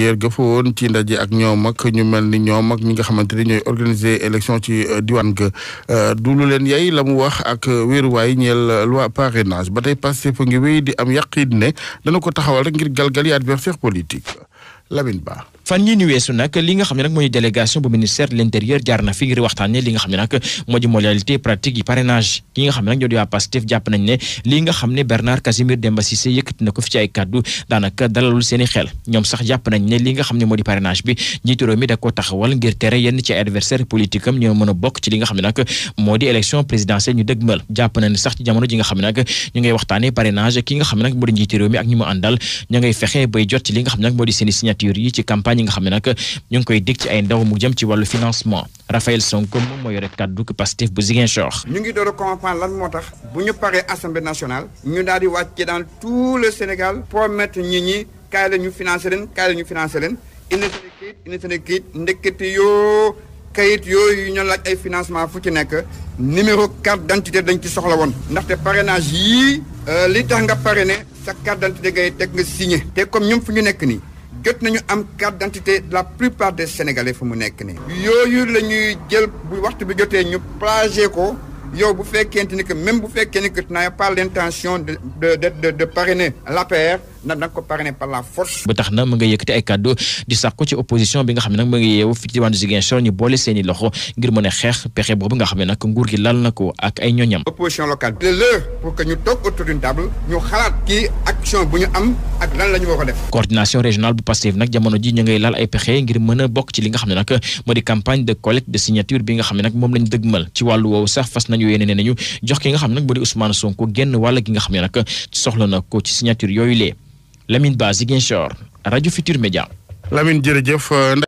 Guerrière ga fa ci ndaje ak ñoom ak ñu mel ni ñoom ak ñi nga xamante ni ñooy organiser élection ci euh, diwaan ga euh, du lu leen yay la mu wax ak wéeruwaay ñeel euh, loi parrainage ba tey Pastef ngi wéy di am yàqiit ne dana ko taxawal rek ngir galgal yi adversaire politique lamin Ba fan yii ni weesu nag li nga xam ne nag na fi ngir waxtaanee li nga xam ne nag moo di modalité pratique yi parrainage ki nga xam ne nag xel ñoom sax jàpp nañ nga xam ne moo di parrainage bi njiitu réew mi da ko taxawal ngir tere yenn ci am ñoo a bokk ci li nga xam ne ñu dëgmal fexe bay jot ci li nga xam ne nag moo di seeni signature yi ci campagne ñi nga xam ne nag ñu ngi koy dégg ci ay ndaw mu jëm ci wàllu financement Raphaël Sonko moom moo yore kàddu gi Pastef bu Ziguinchor. ñu ngi doon comprendre lan moo tax bu ñu paree assemblée nationale ñu daal di wàcce dans tout le Sénégal promettre nit ñi kaay la ñu financé leen kaay la ñu financé leen indi seen kayit indi seen kayit ndekete yoo kayit yooyu ñu laaj ay financement fu ci nekk numéro carte d'identité dañ ci soxla woon ndaxte parrainage yii euh, li tax nga parrainé sa carte d'identité ngay teg nga signé te comme ñoom fu ñu nekk nii jot nañu am carte d'identité la plupart des sénégalais fu mu nekk nii. yooyu la ñuy jël bu waxtu bi jotee ñu plagé ko yow bu fekkente ni que même bu fekkee ni que tu n'as pas l'intention de de de de parrainer paire. na da ko parrainé par la force. ba taxna ma nga yëkëti ay cadeau di sakku ci opposition bi nga xam ne nag mu ngi yeewu fii ci wàllu Ziguinchor ñu bolé seeni loxo ngir mën xex pexé bobu nga xam nak nguur gi lal nako ak ay ñoñam. opposition locale de l'heure pour que ñu tok autour d'une table ñu xalaat ki action bu ñu am ak lan lañu wako def. coordination régionale bu Pastef nag jamono ji ñu ngay lal ay pexé ngir mëna bok ci li nga xam nak nag di campagne de collecte de signature bi nga xam nak mom lañu dëgmal ci walu wowo sax fas nañu yéene nañu jox ki nga xam nak nag di Ousmane Sonko genn wala gi nga xam nak soxla na ko ci signature yoyu Lamine Ba Radio Futur Média. Lamine euh,